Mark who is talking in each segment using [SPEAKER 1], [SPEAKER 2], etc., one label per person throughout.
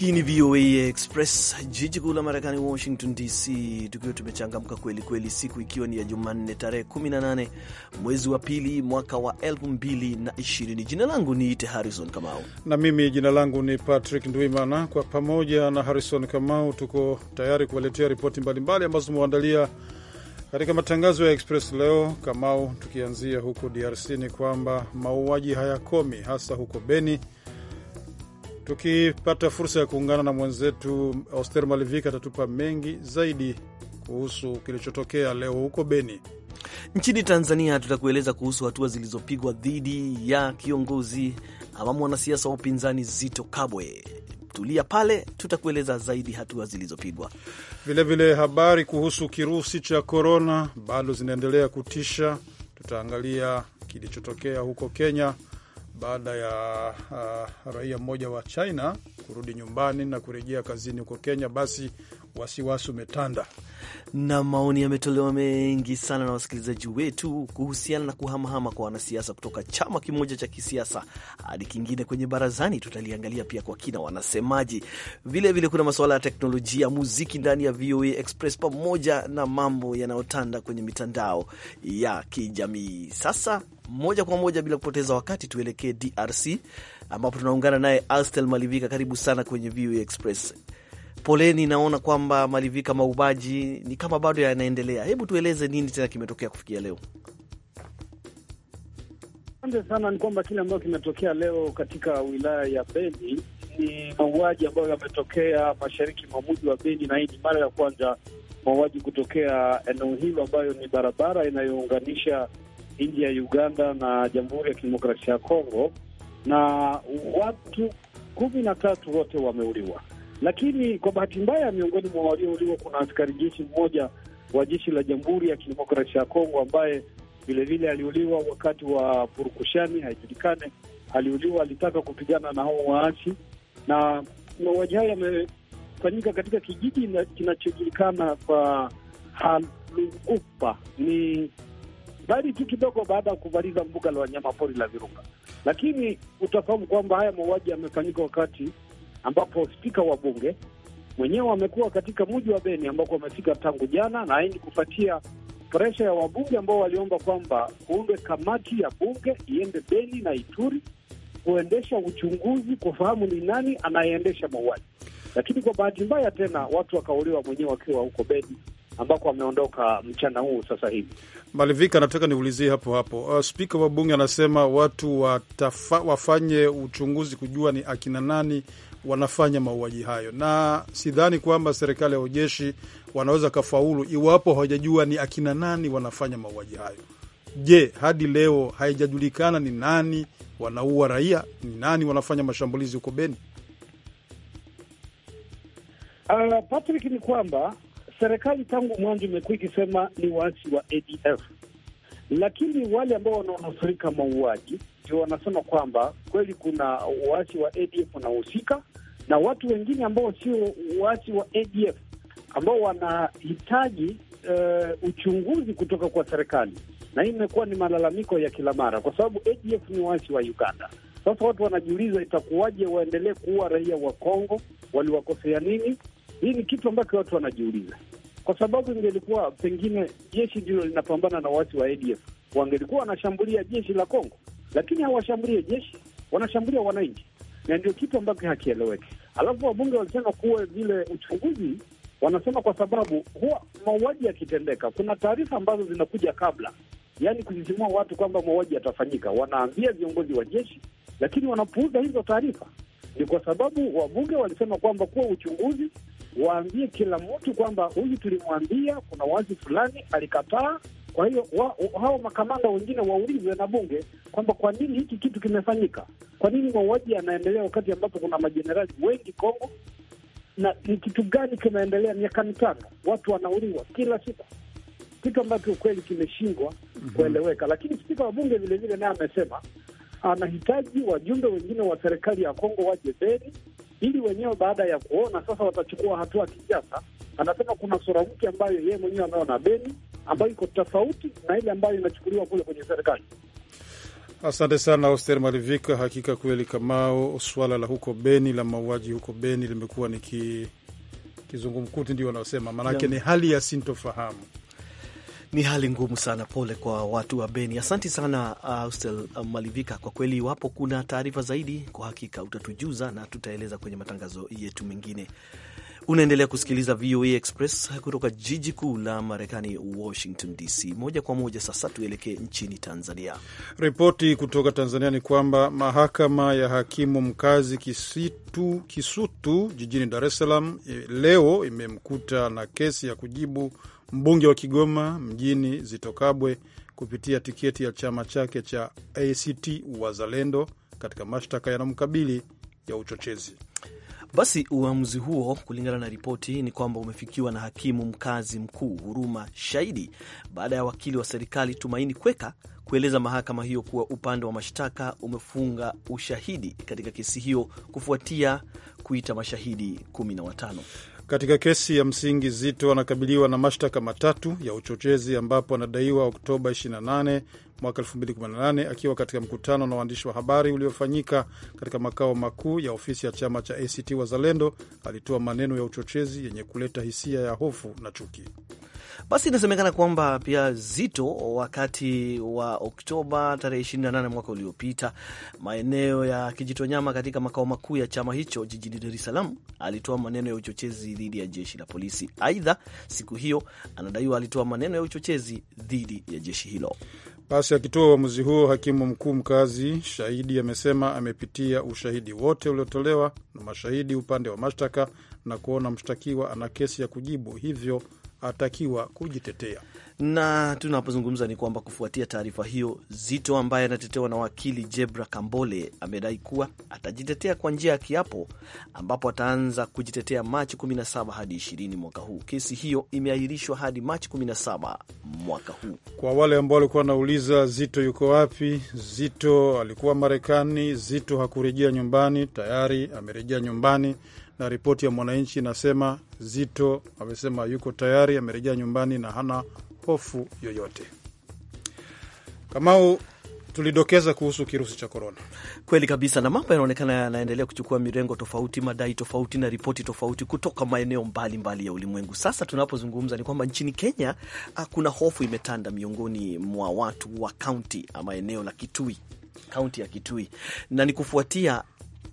[SPEAKER 1] Hii ni VOA Express, jiji kuu la Marekani, Washington DC, tukiwa tumechangamka kweli kweli, siku ikiwa ni ya Jumanne tarehe 18 mwezi wa pili mwaka wa 2020. Jina langu ni Ite Harrison Kamau
[SPEAKER 2] na mimi jina langu ni Patrick Ndwimana. Kwa pamoja na Harrison Kamau tuko tayari kuwaletea ripoti mbalimbali ambazo tumewaandalia katika matangazo ya Express leo. Kamau, tukianzia huko DRC ni kwamba mauaji hayakomi, hasa huko Beni Tukipata fursa ya kuungana na mwenzetu Oster Malivika atatupa mengi zaidi kuhusu kilichotokea leo huko Beni.
[SPEAKER 1] Nchini Tanzania tutakueleza kuhusu hatua zilizopigwa dhidi ya kiongozi ama mwanasiasa wa upinzani Zito Kabwe.
[SPEAKER 2] Tulia pale, tutakueleza zaidi hatua zilizopigwa. Vilevile habari kuhusu kirusi cha korona bado zinaendelea kutisha. Tutaangalia kilichotokea huko Kenya baada ya uh, raia mmoja wa China kurudi nyumbani na kurejea kazini huko Kenya, basi wasiwasi umetanda
[SPEAKER 1] na maoni yametolewa mengi sana na wasikilizaji wetu kuhusiana na kuhamahama kwa wanasiasa kutoka chama kimoja cha kisiasa hadi kingine kwenye barazani. Tutaliangalia pia kwa kina wanasemaji. Vilevile kuna masuala ya teknolojia, muziki ndani ya VOA Express pamoja na mambo yanayotanda kwenye mitandao ya kijamii. Sasa moja kwa moja bila kupoteza wakati, tuelekee DRC ambapo tunaungana naye Astel Malivika. Karibu sana kwenye VOA Express. Poleni, naona kwamba malivika maubaji ni kama bado yanaendelea. Hebu tueleze nini tena kimetokea kufikia leo?
[SPEAKER 3] Asante sana. Ni kwamba kile ambacho kimetokea leo katika wilaya ya Beni ni mauaji ambayo yametokea mashariki mwa mji wa Beni, na hii ni mara ya kwanza mauaji kutokea eneo hilo, ambayo ni barabara inayounganisha nchi ya Uganda na Jamhuri ya Kidemokrasia ya Kongo, na watu kumi na tatu wote wameuliwa lakini kwa bahati mbaya, miongoni mwa waliouliwa kuna askari jeshi mmoja wa jeshi la Jamhuri ya Kidemokrasia ya Kongo ambaye vilevile aliuliwa wakati wa purukushani, haijulikane aliuliwa, alitaka kupigana na hao waasi, na mauaji hayo yamefanyika katika kijiji kinachojulikana kwa Haluupa. Ni mbali tu kidogo baada ya kumaliza mbuga la wanyama pori la Virunga, lakini utafahamu kwamba haya mauaji yamefanyika wakati ambapo spika wa bunge mwenyewe amekuwa katika mji wa Beni ambako amefika tangu jana, na hii ni kufuatia presha ya wabunge ambao waliomba kwamba kuundwe kamati ya bunge iende Beni na Ituri kuendesha uchunguzi kufahamu ni nani anayeendesha mauaji. Lakini kwa bahati mbaya tena watu wakauliwa mwenyewe wakiwa huko Beni ambako wameondoka mchana huu sasa hivi.
[SPEAKER 2] Malivika, nataka niulizie hapo hapo. Uh, spika wa bunge anasema watu watafa, wafanye uchunguzi kujua ni akina nani wanafanya mauaji hayo, na sidhani kwamba serikali ya ujeshi wanaweza kafaulu iwapo hawajajua ni akina nani wanafanya mauaji hayo. Je, hadi leo haijajulikana ni nani wanaua raia, ni nani wanafanya mashambulizi huko Beni?
[SPEAKER 3] Uh, Patrick, ni kwamba serikali tangu mwanzo imekuwa ikisema ni waasi wa ADF, lakini wale ambao wanaonusurika mauaji ndio wanasema kwamba kweli kuna waasi wa ADF wanahusika na watu wengine ambao sio waasi wa ADF ambao wanahitaji uh, uchunguzi kutoka kwa serikali, na hii imekuwa ni malalamiko ya kila mara, kwa sababu ADF ni waasi wa Uganda. Sasa watu wanajiuliza itakuwaje waendelee kuua raia wa Kongo? Waliwakosea nini? Hii ni kitu ambacho watu wanajiuliza, kwa sababu ingelikuwa pengine jeshi ndilo linapambana na waasi wa ADF, wangelikuwa wanashambulia jeshi la Kongo lakini hawashambulie jeshi, wanashambulia wananchi, na ndio kitu ambacho hakieleweki. Alafu wabunge walisema kuwe vile uchunguzi, wanasema kwa sababu huwa mauaji yakitendeka, kuna taarifa ambazo zinakuja kabla, yaani kusisimua watu kwamba mauaji yatafanyika, wanaambia viongozi wa jeshi, lakini wanapuuza hizo taarifa. Ni kwa sababu wabunge walisema kwamba kuwa uchunguzi, waambie kila mtu kwamba huyu tulimwambia kuna wazi fulani alikataa kwa hiyo hao makamanda wengine waulizwe na bunge kwamba kwa nini hiki kitu kimefanyika, kwa nini mauaji yanaendelea wakati ambapo kuna majenerali wengi Kongo, na ni kitu gani kinaendelea? Miaka mitano watu wanauliwa kila siku, kitu ambacho ukweli kimeshindwa mm -hmm. kueleweka. Lakini spika wa bunge vilevile naye amesema anahitaji wajumbe wengine wa serikali ya Kongo waje Beni ili wenyewe baada ya kuona sasa watachukua hatua kisiasa. Anasema kuna sura mpya ambayo yeye mwenyewe ameona Beni ambayo iko tofauti na ile ambayo inachukuliwa kule kwenye serikali.
[SPEAKER 2] Asante sana Auster Malivika. Hakika kweli, Kamao, swala la huko Beni la mauaji huko Beni limekuwa ni ki, kizungumkuti, ndio wanaosema maanake ni hali ya sintofahamu ni hali ngumu sana. Pole kwa watu wa Beni. Asante sana Austel uh,
[SPEAKER 1] Malivika. Kwa kweli, iwapo kuna taarifa zaidi, kwa hakika utatujuza na tutaeleza kwenye matangazo yetu mengine. Unaendelea kusikiliza VOA Express kutoka jiji kuu la Marekani, Washington DC. Moja kwa moja sasa tuelekee nchini Tanzania.
[SPEAKER 2] Ripoti kutoka Tanzania ni kwamba mahakama ya hakimu mkazi Kisitu, Kisutu jijini Dar es Salaam e, leo imemkuta na kesi ya kujibu mbunge wa Kigoma mjini zitokabwe kupitia tiketi ya chama chake cha ACT Wazalendo katika mashtaka yanamkabili ya uchochezi.
[SPEAKER 1] Basi uamuzi huo kulingana na ripoti ni kwamba umefikiwa na hakimu mkazi mkuu Huruma shaidi baada ya wakili wa serikali Tumaini Kweka kueleza mahakama hiyo kuwa upande wa mashtaka umefunga ushahidi katika kesi hiyo kufuatia kuita mashahidi watano
[SPEAKER 2] katika kesi ya msingi. Zito anakabiliwa na mashtaka matatu ya uchochezi, ambapo anadaiwa Oktoba 28 mwaka 2018 akiwa katika mkutano na waandishi wa habari uliofanyika katika makao makuu ya ofisi ya chama cha ACT Wazalendo, alitoa maneno ya uchochezi yenye kuleta hisia ya hofu na chuki. Basi
[SPEAKER 1] inasemekana kwamba pia Zito wakati wa Oktoba tarehe 28 mwaka uliopita, maeneo ya Kijitonyama katika makao makuu ya chama hicho jijini Dar es Salaam, alitoa maneno ya uchochezi dhidi ya jeshi la polisi. Aidha, siku hiyo anadaiwa alitoa
[SPEAKER 2] maneno ya uchochezi dhidi ya jeshi hilo. Basi akitoa uamuzi huo, hakimu mkuu mkazi shahidi amesema amepitia ushahidi wote uliotolewa na mashahidi upande wa mashtaka na kuona mshtakiwa ana kesi ya kujibu, hivyo atakiwa kujitetea. Na tunapozungumza ni kwamba kufuatia taarifa hiyo, Zito ambaye anatetewa na
[SPEAKER 1] wakili Jebra Kambole amedai kuwa atajitetea kwa njia ya kiapo, ambapo ataanza kujitetea Machi 17 hadi 20 mwaka huu. Kesi hiyo imeahirishwa hadi Machi
[SPEAKER 2] 17 mwaka huu. Kwa wale ambao walikuwa wanauliza Zito yuko wapi, Zito alikuwa Marekani. Zito hakurejea nyumbani, tayari amerejea nyumbani na ripoti ya Mwananchi inasema Zito amesema yuko tayari, amerejea nyumbani na hana hofu yoyote. Kamau, tulidokeza
[SPEAKER 1] kuhusu kirusi cha korona. Kweli kabisa, na mambo yanaonekana yanaendelea kuchukua mirengo tofauti, madai tofauti na ripoti tofauti kutoka maeneo mbalimbali mbali ya ulimwengu. Sasa tunapozungumza ni kwamba nchini Kenya ah, kuna hofu imetanda miongoni mwa watu wa kaunti ama eneo la Kitui, kaunti ya Kitui, na ni kufuatia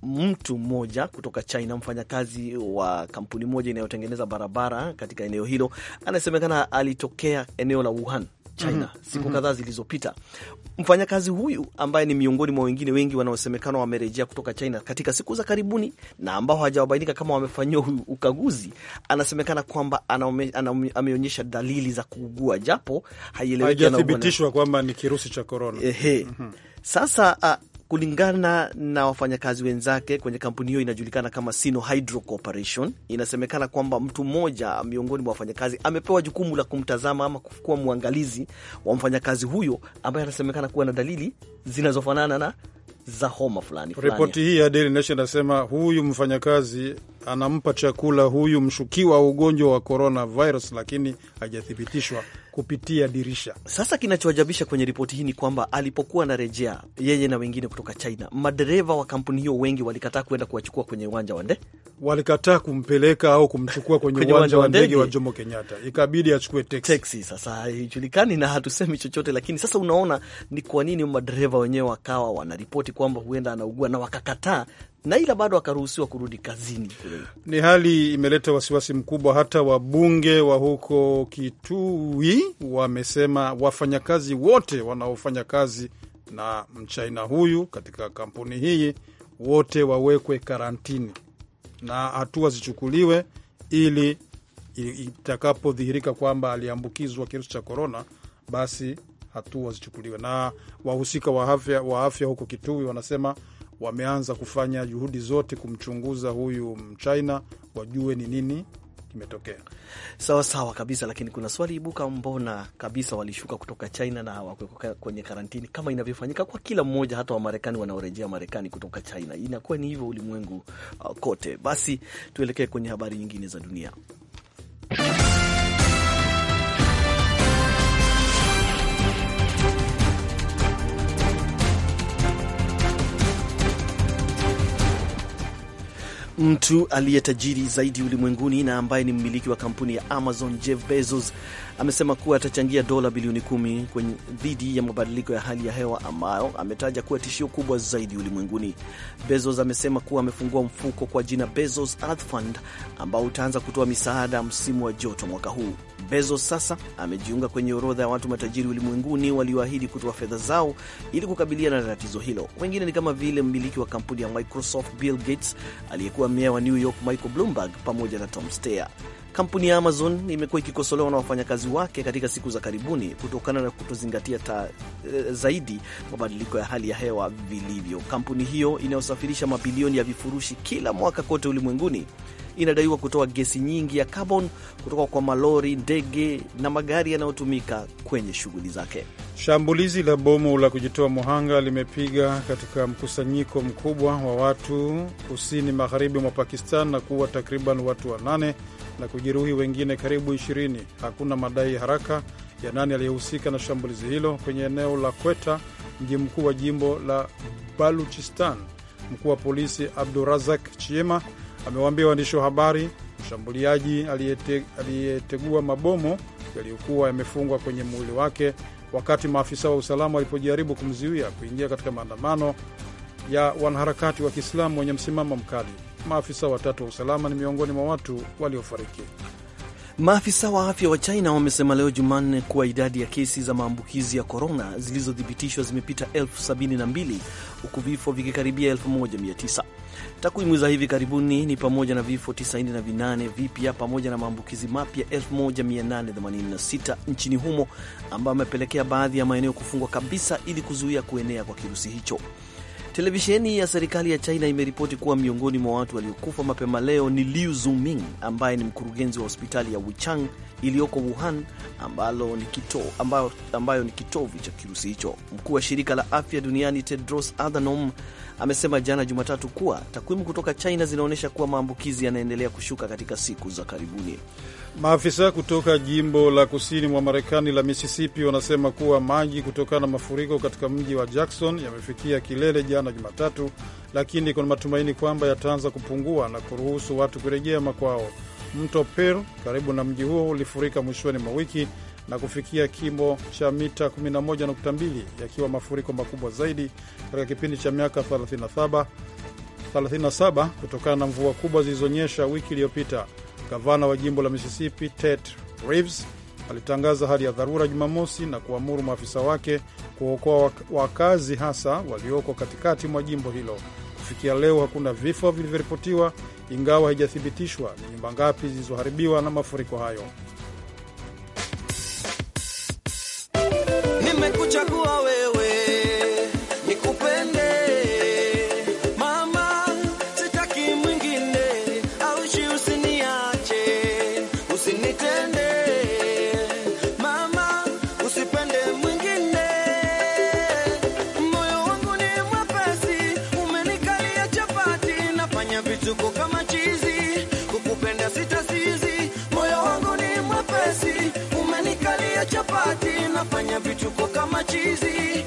[SPEAKER 1] mtu mmoja kutoka China, mfanyakazi wa kampuni moja inayotengeneza barabara katika eneo hilo, anasemekana alitokea eneo la Wuhan China, mm -hmm. siku mhm. kadhaa zilizopita. Mfanyakazi huyu ambaye ni miongoni mwa wengine wengi wanaosemekana wamerejea kutoka China katika siku za karibuni na ambao hawajawabainika kama wamefanyiwa ukaguzi, anasemekana kwamba ameonyesha dalili za kuugua, japo haieleweki, haijathibitishwa kwamba ni kirusi cha korona. Ehe, mm -hmm. Sasa uh, kulingana na wafanyakazi wenzake kwenye kampuni hiyo inajulikana kama Sino Hydro Corporation, inasemekana kwamba mtu mmoja miongoni mwa wafanyakazi amepewa jukumu la kumtazama ama kuwa mwangalizi wa mfanyakazi huyo ambaye anasemekana kuwa na dalili zinazofanana na za homa fulani fulani. Ripoti
[SPEAKER 2] hii ya Daily Nation inasema huyu mfanyakazi anampa chakula huyu mshukiwa wa ugonjwa wa coronavirus, lakini hajathibitishwa kupitia dirisha. Sasa kinachoajabisha kwenye ripoti hii ni kwamba alipokuwa anarejea
[SPEAKER 1] yeye na wengine kutoka China, madereva wa kampuni hiyo wengi walikataa kuenda kuwachukua kwenye uwanja wa ndege,
[SPEAKER 2] walikataa kumpeleka au kumchukua kwenye uwanja wa ndege wa Jomo Kenyatta,
[SPEAKER 1] ikabidi achukue teksi. Teksi sasa haijulikani na hatusemi chochote, lakini sasa unaona ni kwa nini madereva wenyewe wakawa
[SPEAKER 2] wanaripoti
[SPEAKER 1] kwamba huenda anaugua na wakakataa na ila bado akaruhusiwa kurudi kazini.
[SPEAKER 2] Ni hali imeleta wasiwasi mkubwa. Hata wabunge wa huko Kitui wamesema wafanyakazi wote wanaofanya kazi na mchaina huyu katika kampuni hii wote wawekwe karantini na hatua zichukuliwe ili itakapodhihirika kwamba aliambukizwa kirusi cha korona, basi hatua zichukuliwe. Na wahusika wa afya huko Kitui wanasema wameanza kufanya juhudi zote kumchunguza huyu Mchina, wajue ni nini kimetokea. Sawa sawa kabisa, lakini kuna swali ibuka,
[SPEAKER 1] mbona kabisa walishuka kutoka China na hawakuwekwa kwenye karantini kama inavyofanyika kwa kila mmoja, hata Wamarekani wanaorejea Marekani kutoka China? Inakuwa ni hivyo ulimwengu uh, kote. Basi tuelekee kwenye habari nyingine za dunia. Mtu aliye tajiri zaidi ulimwenguni na ambaye ni mmiliki wa kampuni ya Amazon Jeff Bezos amesema kuwa atachangia dola bilioni kumi kwenye dhidi ya mabadiliko ya hali ya hewa ambayo ametaja kuwa tishio kubwa zaidi ulimwenguni. Bezos amesema kuwa amefungua mfuko kwa jina Bezos Earth Fund ambao utaanza kutoa misaada msimu wa joto mwaka huu. Bezos sasa amejiunga kwenye orodha ya watu matajiri ulimwenguni walioahidi kutoa fedha zao ili kukabiliana na tatizo hilo. Wengine ni kama vile mmiliki wa kampuni ya Microsoft Bill Gates aliyekuwa aliyekuwa meya wa New York Michael Bloomberg pamoja na Tom Steyer. Kampuni ya Amazon imekuwa ikikosolewa na wafanyakazi wake katika siku za karibuni kutokana na kutozingatia ta, e, zaidi mabadiliko ya hali ya hewa vilivyo. Kampuni hiyo inayosafirisha mabilioni ya vifurushi kila mwaka kote ulimwenguni inadaiwa kutoa gesi nyingi ya carbon kutoka kwa malori, ndege na magari yanayotumika kwenye shughuli zake.
[SPEAKER 2] Shambulizi la bomu la kujitoa muhanga limepiga katika mkusanyiko mkubwa wa watu kusini magharibi mwa Pakistan na kuua takriban watu wanane na kujeruhi wengine karibu ishirini. Hakuna madai haraka ya nani aliyehusika na shambulizi hilo kwenye eneo la Kweta, mji mkuu wa jimbo la Baluchistan. Mkuu wa polisi Abdurazak Chiema amewaambia waandishi wa habari mshambuliaji aliyetegua mabomu yaliyokuwa yamefungwa kwenye muwili wake wakati maafisa wa usalama walipojaribu kumzuia kuingia katika maandamano ya wanaharakati wa Kiislamu wenye msimamo mkali. Maafisa watatu wa usalama ni miongoni mwa watu waliofariki.
[SPEAKER 1] Maafisa wa afya wa China wamesema leo Jumanne kuwa idadi ya kesi za maambukizi ya korona zilizothibitishwa zimepita elfu sabini na mbili huku vifo vikikaribia elfu moja mia tisa. Takwimu za hivi karibuni ni pamoja na vifo 98 vipya pamoja na maambukizi mapya 1886 nchini humo ambayo amepelekea baadhi ya maeneo kufungwa kabisa ili kuzuia kuenea kwa kirusi hicho. Televisheni ya serikali ya China imeripoti kuwa miongoni mwa watu waliokufa mapema leo ni Liu Zuming ambaye ni mkurugenzi wa hospitali ya Wuchang iliyoko Wuhan ambalo ni kito, ambayo, ambayo ni kitovu cha kirusi hicho. Mkuu wa shirika la afya duniani Tedros Adhanom amesema jana Jumatatu kuwa takwimu kutoka China zinaonyesha kuwa maambukizi
[SPEAKER 2] yanaendelea kushuka katika siku za karibuni. Maafisa kutoka jimbo la kusini mwa Marekani la Mississippi wanasema kuwa maji kutokana na mafuriko katika mji wa Jackson yamefikia kilele jana Jumatatu, lakini kuna matumaini kwamba yataanza kupungua na kuruhusu watu kurejea makwao. Mto Pearl karibu na mji huo ulifurika mwishoni mwa wiki na kufikia kimo cha mita 11.2 yakiwa mafuriko makubwa zaidi katika kipindi cha miaka 37 37 kutokana na mvua kubwa zilizonyesha wiki iliyopita. Gavana wa jimbo la Mississippi Ted Reeves alitangaza hali ya dharura Jumamosi na kuamuru maafisa wake kuokoa wakazi hasa walioko katikati mwa jimbo hilo. Kufikia leo hakuna vifo vilivyoripotiwa, ingawa haijathibitishwa ni nyumba ngapi zilizoharibiwa na mafuriko hayo.
[SPEAKER 1] kukuchagua wewe kama chizi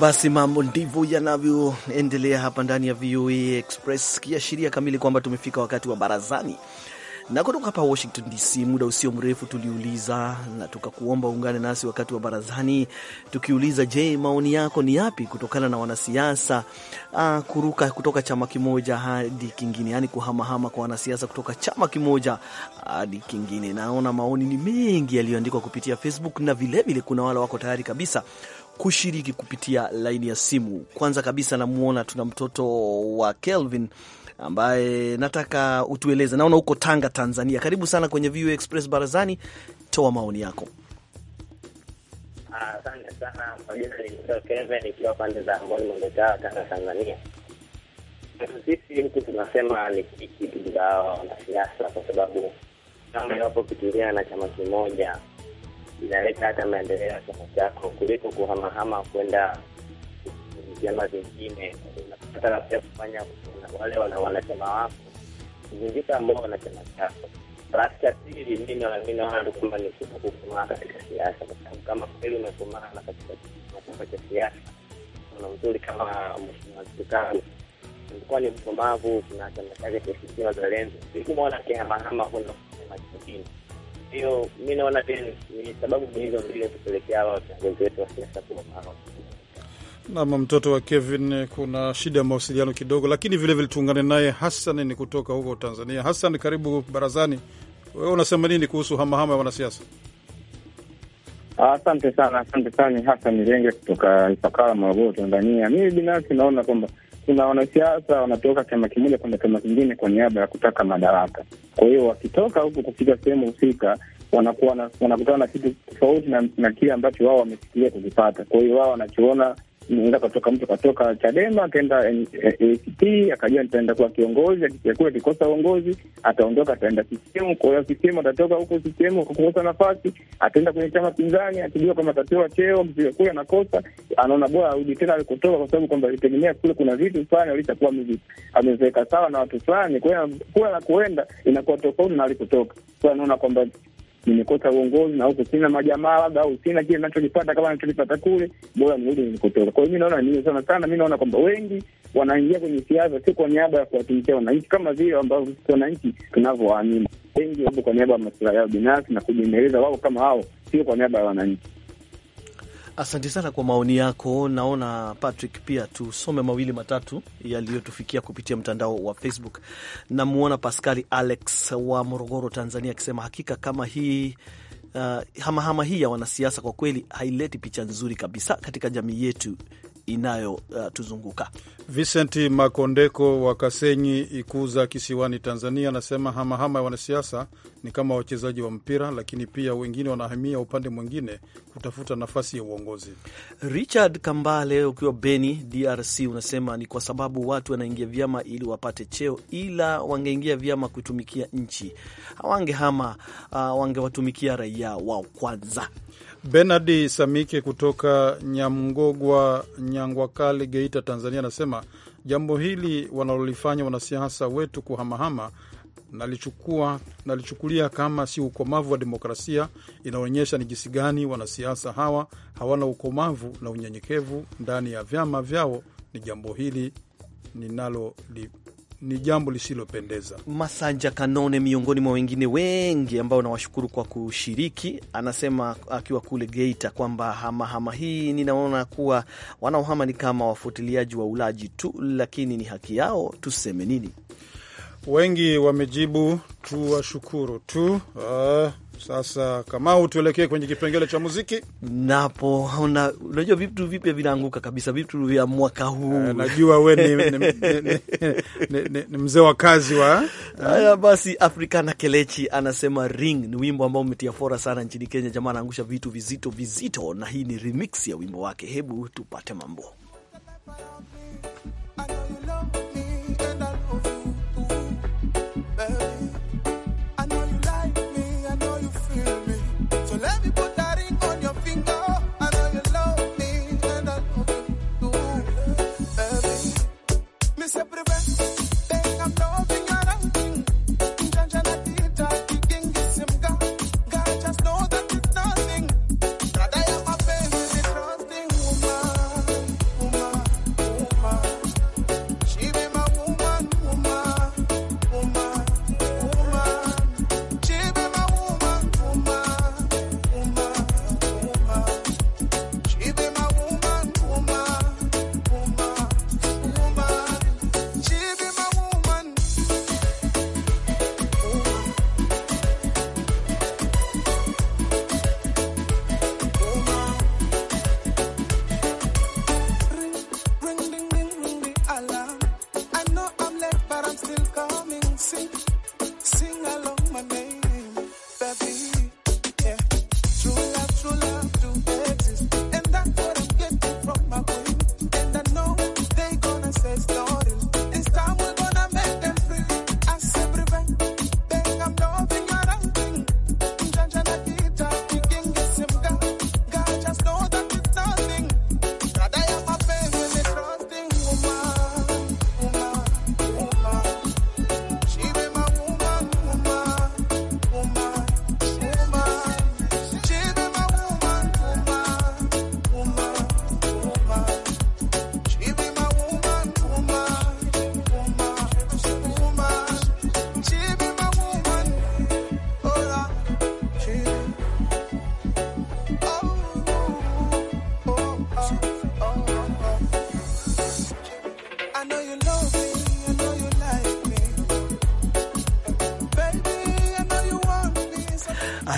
[SPEAKER 1] Basi mambo ndivyo yanavyoendelea hapa ndani ya VOA Express, kiashiria kamili kwamba tumefika wakati wa barazani na kutoka hapa Washington DC, muda usio mrefu tuliuliza na tukakuomba uungane nasi wakati wa barazani, tukiuliza je, maoni yako ni yapi kutokana na wanasiasa aa, ah, kuruka kutoka chama kimoja hadi kingine, yaani kuhamahama kwa wanasiasa kutoka chama kimoja hadi kingine. Naona maoni ni mengi yaliyoandikwa kupitia Facebook na vilevile kuna wale wako tayari kabisa kushiriki kupitia laini ya simu. Kwanza kabisa, namwona tuna mtoto wa Kelvin ambaye nataka utueleze, naona huko Tanga, Tanzania. Karibu sana kwenye VOA Express barazani, toa maoni yako.
[SPEAKER 4] Asante sana. Majina ni Kelvin, ikiwa pande za Amboni Mwembetawa, Tanga, Tanzania. Sisi huku tunasema ni kiki za wanasiasa, kwa sababu kama iwapo kitumia na chama kimoja inaleta hata maendeleo ya chama chako kuliko kuhamahama kwenda vyama vingine. Unapata ya kufanya wale wana wanachama wako kuzingika ambao wanachama chako. Basi cha pili, mi naona kwamba ni kuma kukomaa katika siasa, kwa sababu kama kweli umekomaa katika chama cha siasa kuna mzuri kama mheshimiwa Kisukari alikuwa ni mkomavu, kuna chama chake cha ACT Wazalendo, sikumwona akihamahama kwenda kufanya machingine hiyo mi naona ni sababu hizo mbili kupelekea hawa viongozi wetu wa siasa kuwa
[SPEAKER 2] nam mtoto wa Kevin, kuna shida ya mawasiliano kidogo, lakini vilevile tuungane naye Hassan ni kutoka huko Tanzania. Hassan, karibu barazani. Wewe unasema nini kuhusu hamahama ya wanasiasa?
[SPEAKER 4] Asante sana, asante sana. Hassan Jenge kutoka Ifakara, Morogoro, Tanzania. Mimi binafsi naona kwamba kuna wanasiasa wanatoka chama kimoja kwenda chama kingine kwa niaba ya kutaka madaraka. Kwa hiyo wakitoka huku kufika sehemu husika, wanakuwa wanakutana na kitu tofauti na, na kile ambacho wao wamefikiria kukipata. Kwa hiyo wao wanachoona katoka mtu katoka Chadema akaenda eh, ACT akajua nitaenda kuwa kiongozi, akikuwa akikosa uongozi ataondoka ataenda CCM. Kwa hiyo CCM atatoka huko CCM, akakosa nafasi ataenda kwenye chama pinzani, akijua kama atapewa cheo mzee kule anakosa, anaona bora arudi tena alikotoka, kwa sababu kwamba alitegemea kule kuna vitu fulani alishakuwa ameziweka sawa na watu fulani. Kwa hiyo kule kuenda inakuwa tofauti na alikotoka, kwa anaona kwamba nimekosa uongozi na huku sina majamaa labda, au sina kile ninachokipata kama nachokipata kule, bora nirudi nilikotoka. Kwa hiyo mi naona ni sana sana, mi naona kwamba wengi wanaingia kwenye siasa si kwa niaba ya kuwatumikia wananchi kama vile ambavyo sisi wananchi tunavyowaamini. Wengi wapo kwa niaba ya masilahi yao binafsi na kujiendeleza wao kama hao, sio kwa niaba ya wananchi.
[SPEAKER 1] Asante sana kwa maoni yako. Naona Patrick, pia tusome mawili matatu yaliyotufikia kupitia mtandao wa Facebook. Namwona Paskali Alex wa Morogoro, Tanzania, akisema hakika kama hii uh, hamahama hii ya wanasiasa kwa kweli haileti picha nzuri kabisa katika jamii yetu
[SPEAKER 2] inayotuzunguka. Uh, Vincent Makondeko wa Kasenyi Ikuza kisiwani Tanzania anasema hamahama ya wanasiasa ni kama wachezaji wa mpira, lakini pia wengine wanahamia upande mwingine kutafuta nafasi ya uongozi. Richard Kambale ukiwa Beni,
[SPEAKER 1] DRC, unasema ni kwa sababu watu wanaingia vyama ili wapate cheo, ila wangeingia vyama kuitumikia nchi hawangehama, uh, wangewatumikia raia wao kwanza.
[SPEAKER 2] Benard Samike kutoka Nyamngogwa, Nyangwakale, Geita, Tanzania, anasema jambo hili wanalolifanya wanasiasa wetu kuhamahama nalichukua nalichukulia kama si ukomavu wa demokrasia. Inaonyesha ni jinsi gani wanasiasa hawa hawana ukomavu na unyenyekevu ndani ya vyama vyao. Ni jambo hili ninaloli ni jambo lisilopendeza.
[SPEAKER 1] Masanja Kanone, miongoni mwa wengine wengi ambao nawashukuru kwa kushiriki, anasema akiwa kule Geita kwamba hamahama hii ninaona kuwa wanaohama ni kama
[SPEAKER 2] wafuatiliaji wa ulaji tu, lakini ni haki yao, tuseme nini? Wengi wamejibu tuwashukuru tu. Uh, sasa Kamau, tuelekee kwenye kipengele cha muziki. Napo unajua vitu vipya vinaanguka kabisa, vitu vya mwaka
[SPEAKER 1] huu. Uh, najua we ni, ni, ni,
[SPEAKER 2] ni, ni, ni mzee wa kazi wa eh?
[SPEAKER 1] haya. Basi Afrikana Kelechi anasema Ring ni wimbo ambao umetia fora sana nchini Kenya. Jamaa anaangusha vitu vizito vizito, na hii ni remix ya wimbo wake. Hebu tupate mambo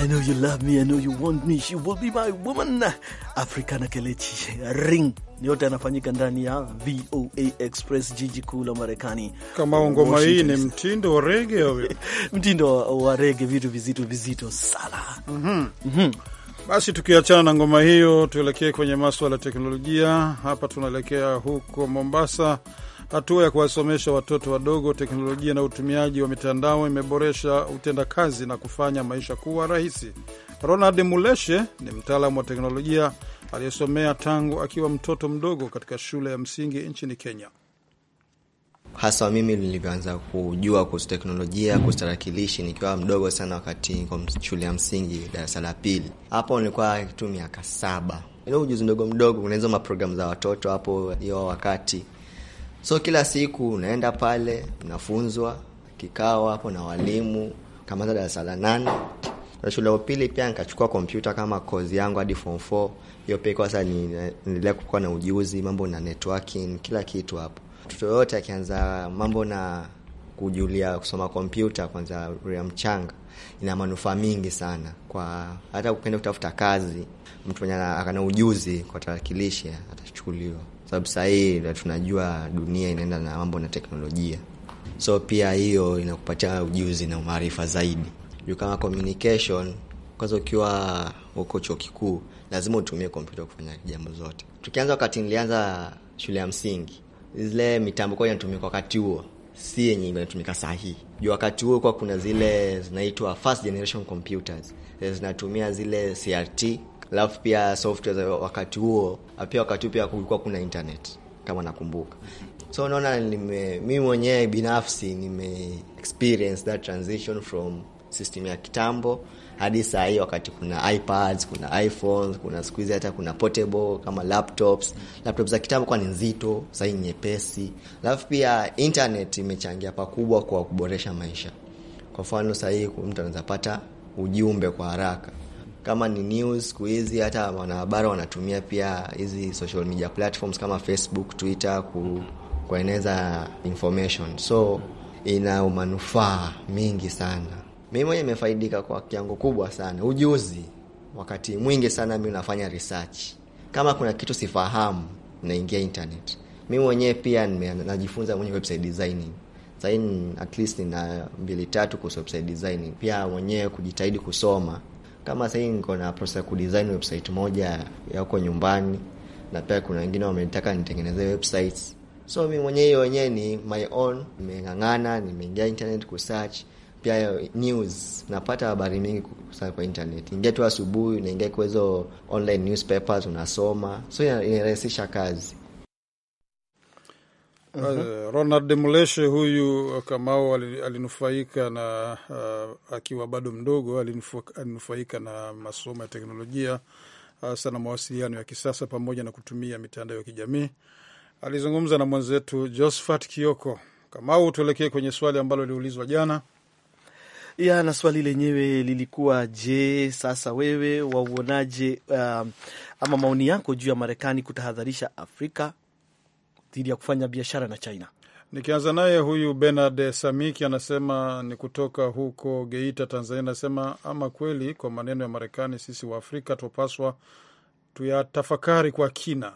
[SPEAKER 1] I know you love me, I know you want me, she will be my woman. Africana Kelechi Ring yote anafanyika ndani ya VOA Express, jiji kuu la Marekani. Kama ngoma hii ni
[SPEAKER 2] mtindo wa rege mtindo wa rege, vitu vizito vizito sana. mm -hmm. mm -hmm. Basi tukiachana na ngoma hiyo, tuelekee kwenye maswala ya teknolojia. Hapa tunaelekea huko Mombasa Hatua ya kuwasomesha watoto wadogo teknolojia na utumiaji wa mitandao imeboresha utendakazi na kufanya maisha kuwa rahisi. Ronald Muleshe ni mtaalamu wa teknolojia aliyesomea tangu akiwa mtoto mdogo katika shule ya msingi nchini Kenya.
[SPEAKER 5] Hasa mimi nilivyoanza kujua kuhusu teknolojia, kuhusu tarakilishi nikiwa mdogo sana, wakati niko shule ya msingi darasa la pili. Hapo nilikuwa tu miaka saba, ujuzi mdogo mdogo, kuna maprogramu za watoto hapo hiyo wakati So kila siku unaenda pale unafunzwa kikao hapo na walimu kama darasa la nane. Shule ya upili pia nikachukua kompyuta kama kozi yangu hadi form 4. Hiyo pia kwa sasa niendelea kukua na ujuzi mambo na networking kila kitu hapo. Mtoto yote akianza mambo na kujulia kusoma kompyuta kwanza ya mchanga ina manufaa mingi sana kwa hata ukipenda kutafuta kazi, mtu mwenye ana ujuzi kwa tarakilishi atachukuliwa sababu saa hii tunajua dunia inaenda na mambo na teknolojia, so pia hiyo inakupatia ujuzi na umaarifa zaidi juu kama communication. Kwanza ukiwa huko chuo kikuu lazima utumie kompyuta kufanya jambo zote. Tukianza wakati nilianza shule ya msingi, zile mitambo kwa inatumika wakati huo si yenye inatumika sahihi. Juu wakati huo kwa kuna zile zinaitwa first generation computers zinatumia zile CRT alafu pia software za wakati huo, pia wakati huo pia kulikuwa kuna internet kama nakumbuka. So naona nime mimi mwenyewe binafsi nime experience that transition from system ya kitambo hadi saa hii, wakati kuna iPads, kuna iPhones, kuna siku hizi hata kuna portable kama laptops. Laptops za kitambo kwa ni nzito, saa hii nyepesi. Alafu pia internet imechangia pakubwa kwa kuboresha maisha. Kwa mfano, saa hii mtu anaweza pata ujumbe kwa haraka kama ni news. Siku hizi hata wanahabari wanatumia pia hizi social media platforms kama Facebook, Twitter ku, kueneza information, so ina manufaa mingi sana. Mimi mwenyewe nimefaidika kwa kiango kubwa sana ujuzi. Wakati mwingi sana mimi nafanya research, kama kuna kitu sifahamu naingia internet. Mimi mwenyewe pia najifunza mwenye website designing sasa, at least nina mbili tatu kuhusu website designing, pia mwenyewe kujitahidi kusoma kama sahii niko na process ya kudesign website moja yako nyumbani, na pia kuna wengine wamenitaka nitengenezee websites, so mi mwenyewe wenyewe ni my own. Nimeng'ang'ana, nimeingia internet kusearch pia news, napata habari mingi sana kwa internet. Ingia tu asubuhi, naingia kwa hizo online newspapers, unasoma, so inarahisisha kazi.
[SPEAKER 2] Mm-hmm. uh -huh. Ronald Mleshe huyu uh, Kamau alinufaika na uh, akiwa bado mdogo alinufaika na masomo ya teknolojia hasa uh, na mawasiliano ya kisasa pamoja na kutumia mitandao ya kijamii. Alizungumza na mwenzetu Josphat Kioko. Kamau, tuelekee kwenye swali ambalo liliulizwa jana ya na swali lenyewe lilikuwa je, sasa wewe wauonaje,
[SPEAKER 1] um, ama maoni yako juu ya Marekani kutahadharisha Afrika
[SPEAKER 2] dhidi ya kufanya biashara na China. Nikianza naye huyu Bernard Samiki anasema ni kutoka huko Geita, Tanzania. Anasema ama kweli kwa maneno ya Marekani, sisi wa Afrika tupaswa tuyatafakari kwa kina.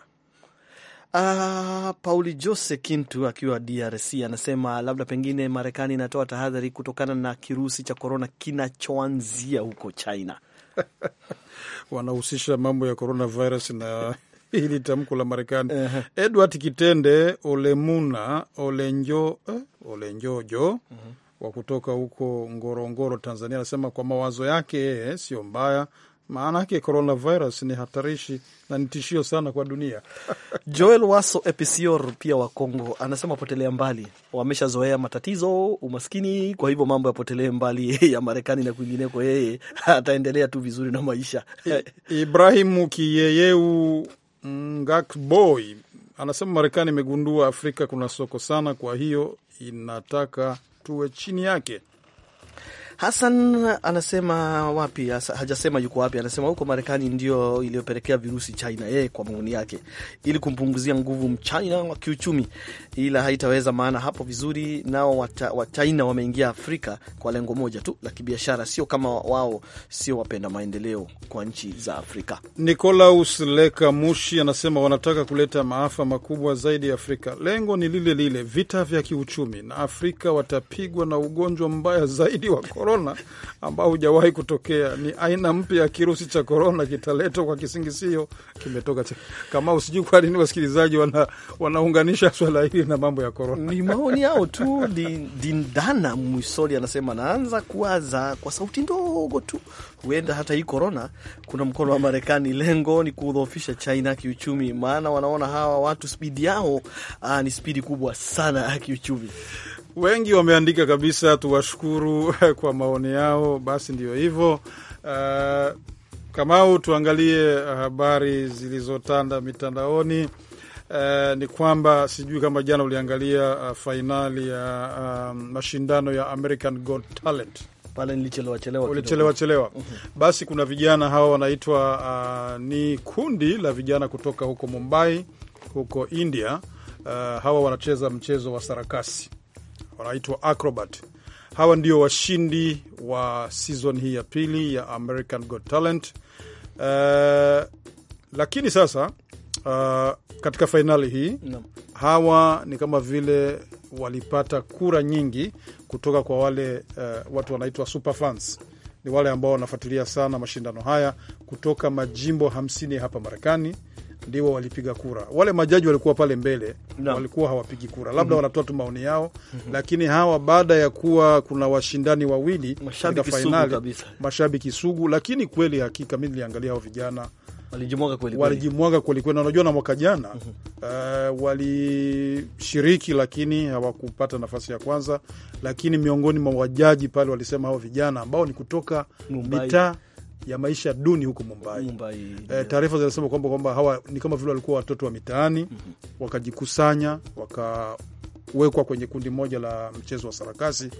[SPEAKER 2] Uh,
[SPEAKER 1] Pauli Jose Kintu akiwa DRC anasema labda pengine Marekani inatoa tahadhari kutokana
[SPEAKER 2] na kirusi cha korona kinachoanzia huko China. Wanahusisha mambo ya coronavirus na hili tamko la Marekani. uh -huh. Edward Kitende Olemuna Olenjo, eh, Olenjojo uh mhm. -huh. wa kutoka huko Ngorongoro, Tanzania, anasema kwa mawazo yake yeye eh, sio mbaya maana yake coronavirus ni hatarishi na ni tishio sana kwa dunia. Joel Waso Episior
[SPEAKER 1] pia wa congo anasema potelea mbali, wameshazoea matatizo, umaskini. Kwa hivyo mambo
[SPEAKER 2] yapotelee mbali ya Marekani na kwingineko, yeye ataendelea tu vizuri na maisha. Ibrahimu Kiyeyeu Ngakboy anasema Marekani imegundua Afrika kuna soko sana, kwa hiyo inataka tuwe chini yake. Hassan anasema wapi, hajasema yuko wapi, anasema huko Marekani
[SPEAKER 1] ndio iliyopelekea virusi China, yeye eh, kwa maoni yake, ili kumpunguzia nguvu mchina wa kiuchumi, ila haitaweza maana hapo vizuri. Nao Wachina wa wameingia Afrika kwa lengo moja tu la kibiashara, sio kama wao, sio wapenda maendeleo kwa nchi za
[SPEAKER 2] Afrika. Nicolaus Leka Mushi anasema wanataka kuleta maafa makubwa zaidi ya Afrika. Lengo ni lile lile, vita vya kiuchumi, na Afrika watapigwa na ugonjwa mbaya zaidi wa korona ambao hujawahi kutokea. Ni aina mpya ya kirusi cha korona kitaletwa kwa kisingisio kimetoka cha kama usijui. kwa nini wasikilizaji wana, wanaunganisha swala hili na mambo ya korona. Ni maoni yao tu. Dindana Mwisoli anasema
[SPEAKER 1] naanza kuwaza kwa sauti ndogo tu, huenda hata hii korona kuna mkono wa Marekani, lengo ni kudhoofisha China kiuchumi, maana wanaona hawa watu spidi yao
[SPEAKER 2] aa, ah, ni spidi kubwa sana ya kiuchumi. Wengi wameandika kabisa, tuwashukuru kwa maoni yao. Basi ndio hivyo uh, Kamau, tuangalie eh, habari zilizotanda mitandaoni. Uh, ni kwamba sijui kama jana uliangalia uh, fainali ya uh, mashindano ya American Got Talent pale nilichelewa chelewa, ulichelewa chelewa. Mhm. Basi kuna vijana hawa wanaitwa uh, ni kundi la vijana kutoka huko Mumbai huko India. Uh, hawa wanacheza mchezo wa sarakasi wanaitwa Acrobat. Hawa ndio washindi wa season hii ya pili ya American Got Talent. Uh, lakini sasa uh, katika fainali hii no. hawa ni kama vile walipata kura nyingi kutoka kwa wale uh, watu wanaitwa superfans ni wale ambao wanafuatilia sana mashindano haya kutoka majimbo hamsini hapa Marekani ndio walipiga kura. Wale majaji walikuwa pale mbele no. walikuwa hawapigi kura, labda mm -hmm. wanatoa tu maoni yao mm -hmm. lakini hawa, baada ya kuwa kuna washindani wawili katika fainali, mashabiki sugu. Lakini kweli hakika, mi niliangalia hao vijana walijimwaga kweli na unajua na mwaka jana mm -hmm. uh, walishiriki lakini hawakupata nafasi ya kwanza, lakini miongoni mwa wajaji pale walisema hao vijana ambao ni kutoka mitaa ya maisha duni huko Mumbai, Mumbai e, taarifa zinasema kwamba kwamba hawa ni kama vile walikuwa watoto wa mitaani mm -hmm. wakajikusanya wakawekwa kwenye kundi moja la mchezo wa sarakasi.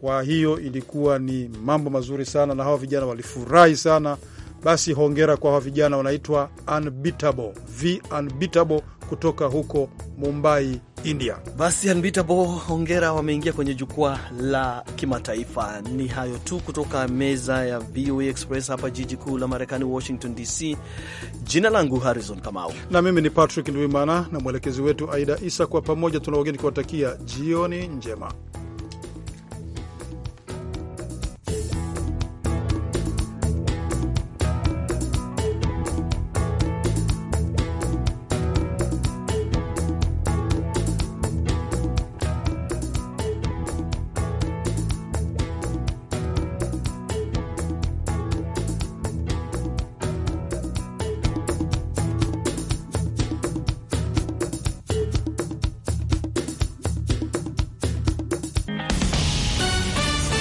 [SPEAKER 2] Kwa hiyo ilikuwa ni mambo mazuri sana, na hawa vijana walifurahi sana. Basi hongera kwa hawa vijana, wanaitwa Unbeatable, V Unbeatable kutoka huko Mumbai, India. Basi Unbeatable, hongera, wameingia kwenye jukwaa la kimataifa.
[SPEAKER 1] Ni hayo tu kutoka meza ya VOA Express hapa jiji kuu la Marekani, Washington DC. Jina langu Harrison Kamau
[SPEAKER 2] na mimi ni Patrick Ndwimana na mwelekezi wetu Aida Isa. Kwa pamoja tuna wageni kuwatakia jioni njema.